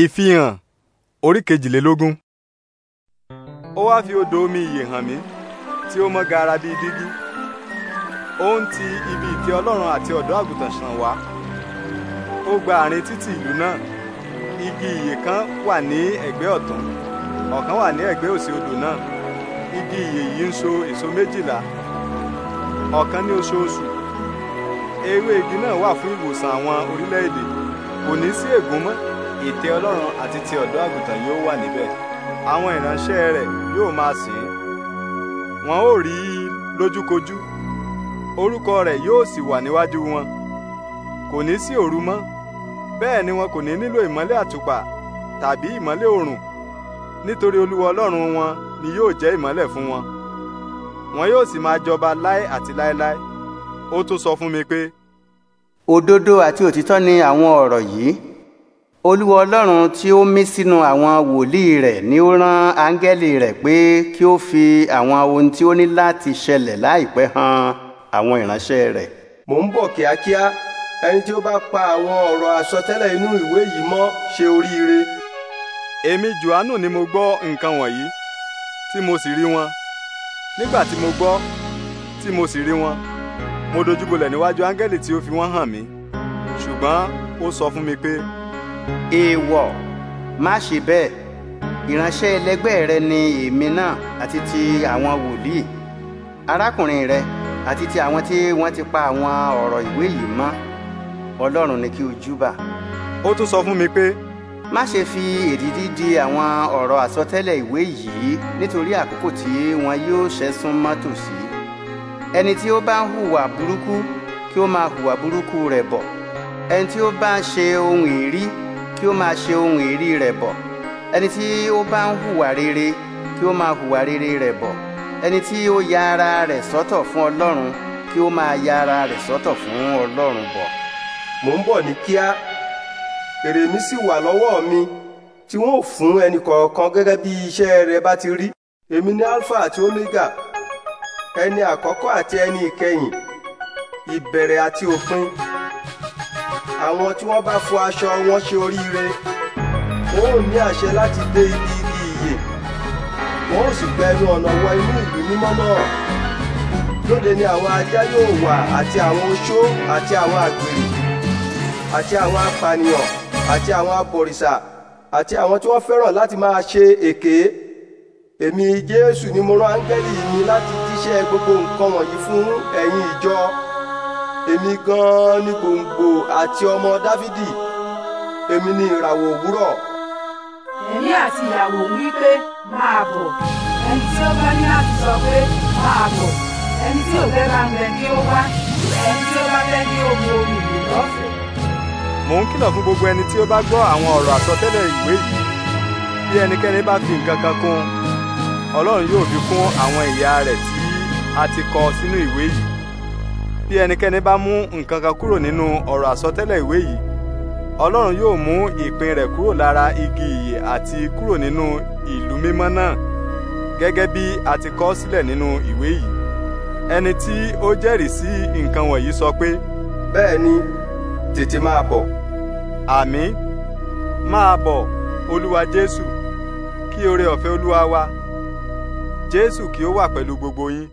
ìfihàn orí kejìlélógún. ó wá fi odò omi ìyè hàn mí tí ó mọ́ gaara bíi dígí ó ń ti ibi ìtẹ́ ọlọ́run àti ọ̀dọ́ àgùntàn ṣàn wá ó gba àárín títì ìlú náà igi ìyè kan wà ní ẹ̀gbẹ́ ọ̀tún ọ̀kan wà ní ẹ̀gbẹ́ òsì odò náà igi ìyè yìí ń so èso méjìlá ọ̀kan ní oṣooṣù ewé igi náà wà fún ìwòsàn àwọn orílẹ̀-èdè kò ní sí ègún mọ́ ìtẹ́ ọlọ́run àti ti ọ̀dọ́ àgùntàn yóò wà níbẹ̀ àwọn ìránṣẹ́ rẹ̀ yóò máa sìn ín wọn ó rí i lójúkojú orúkọ rẹ̀ yóò sì wà níwájú wọn kò ní sí òru mọ́ bẹ́ẹ̀ ni wọn kò ní nílò ìmọ́lẹ̀ àtùpà tàbí ìmọ́lẹ̀ oòrùn nítorí olúwa ọlọ́run wọn ni yóò jẹ́ ìmọ́lẹ̀ fún wọn wọn yóò sì máa jọba láé àti láéláé ó tún sọ fún mi pé. òdodo àti òtítọ́ ni àwọn ọ̀rọ̀ yìí olúwa ọlọ́run tí ó mí sínú àwọn wòlíì rẹ̀ ni ó rán áńgẹ́lì rẹ̀ pé kí ó fi àwọn ohun tí ó ní láti ṣẹlẹ̀ láìpẹ́ hàn àwọn ìránṣẹ́ rẹ̀. mò ń bọ̀ kíákíá ẹni tí ó bá pa àwọn ọ̀rọ̀ àsọtẹ́lẹ̀ inú ìwé yìí mọ́ ṣe oríire. èmi Jòhánù ni mo gbọ́ nǹkan wọ̀nyí tí mo sì rí wọn nígbà tí mo gbọ́ tí mo sì rí wọn mo dojúbolẹ̀ níwájú áńgẹ́lì tí ó fi wọ́n hàn mí ṣùgbọ́n ó sọ fún mi pé èèwọ̀ má ṣe bẹ́ẹ̀ ìránṣẹ́ ẹlẹgbẹ́ rẹ ni èmi náà àti ti àwọn wòlíì arákùnrin rẹ àti ti àwọn tí wọ́n ti pa àwọn ọ̀rọ̀ ìwé yìí mọ́ ọlọ́run ni kí o júbà. ó tún sọ fún mi pé. má ṣe fi èdìdí di àwọn ọ̀rọ̀ àsọtẹ́lẹ̀ ìwé yìí nítorí àkókò tí wọn yóò ṣẹ́sún mọ́ tòsí. ẹni tí ó bá ń hùwà burúkú kí ó máa hùwà burúkú rẹ̀ bọ̀ ẹni tí ó bá ń ṣe ohun èrí kí ó máa ṣe ohun èrí rẹ̀ bọ̀ ẹni tí ó bá ń hùwà rere kí ó máa hùwà rere rẹ̀ bọ̀ ẹni tí ó ya ara rẹ̀ sọ́tọ̀ fún ọlọ́run kí ó máa ya ara rẹ̀ sọ́tọ̀ fún ọlọ́run bọ̀. mò ń bọ̀ ní kíá èrè mi sì wà lọ́wọ́ mi tí wọ́n ò fún ẹnì kọ̀ọ̀kan gẹ́gẹ́ bí iṣẹ́ rẹ̀ bá ti rí èmi ní alpha àti omega ẹni àkọ́kọ́ àti ẹni ìkẹyìn ìbẹ̀rẹ̀ àti òpin àwọn tí wọ́n bá fọ aṣọ wọn ṣe oríire wọn ò ní àṣẹ láti dé ibi igi ìyè wọn ò sì gba ẹnu ọ̀nà wọ inú ìlú mímọ́ náà lóde ni àwọn ajá yóò wà àti àwọn oṣó àti àwọn àgbèrè àti àwọn apànìyàn àti àwọn abọ̀rìṣà àti àwọn tí wọ́n fẹ́ràn láti máa ṣe èké èmi Jésù ni mo rán áńgẹ́lì mi láti jíṣẹ́ gbogbo nǹkan wọ̀nyí fún ẹ̀yin ìjọ èmi gan ni gbòǹgbò àti ọmọ dáfídì èmi ni ìràwọ̀ òwúrọ̀. ẹ̀mí àti ìyàwó wí pé máa bọ̀ ẹni tí ó bá ní láti sọ pé máa bọ̀ ẹni tí ò fẹ́ máa ń bẹ kí ó wá ẹni tí ó bá fẹ́ ní omi omi ìlú lọ́fẹ̀ẹ́. mò ń kìlọ̀ fún gbogbo ẹni tí ó bá gbọ́ àwọn ọ̀rọ̀ àsọtẹ́lẹ̀ ìwé yìí bí ẹnikẹ́ni bá fi nǹkan kan kún Ọlọ́run yóò fi kún àwọn ìyà rẹ̀ tí a ti kọ sínú ìwé yìí bí ẹnikẹ́ni bá mú nǹkan kan kúrò nínú ọ̀rọ̀ àsọtẹ́lẹ̀ ìwé yìí ọlọ́run yóò mú ìpín rẹ̀ kúrò lára igi ìyè àti kúrò nínú ìlú mímọ́ náà gẹ́gẹ́ bí a ti kọ sílẹ̀ nínú ìwé yìí ẹni tí ó jẹ́rìí sí nǹkan wọ̀nyí sọ pé. bẹ́ẹ̀ ni tètè máa bọ̀. àmín máa bọ̀ olúwa jésù kí oore ọ̀fẹ́ olúwa wa jésù kí ó wà pẹ̀lú gbogbo yín.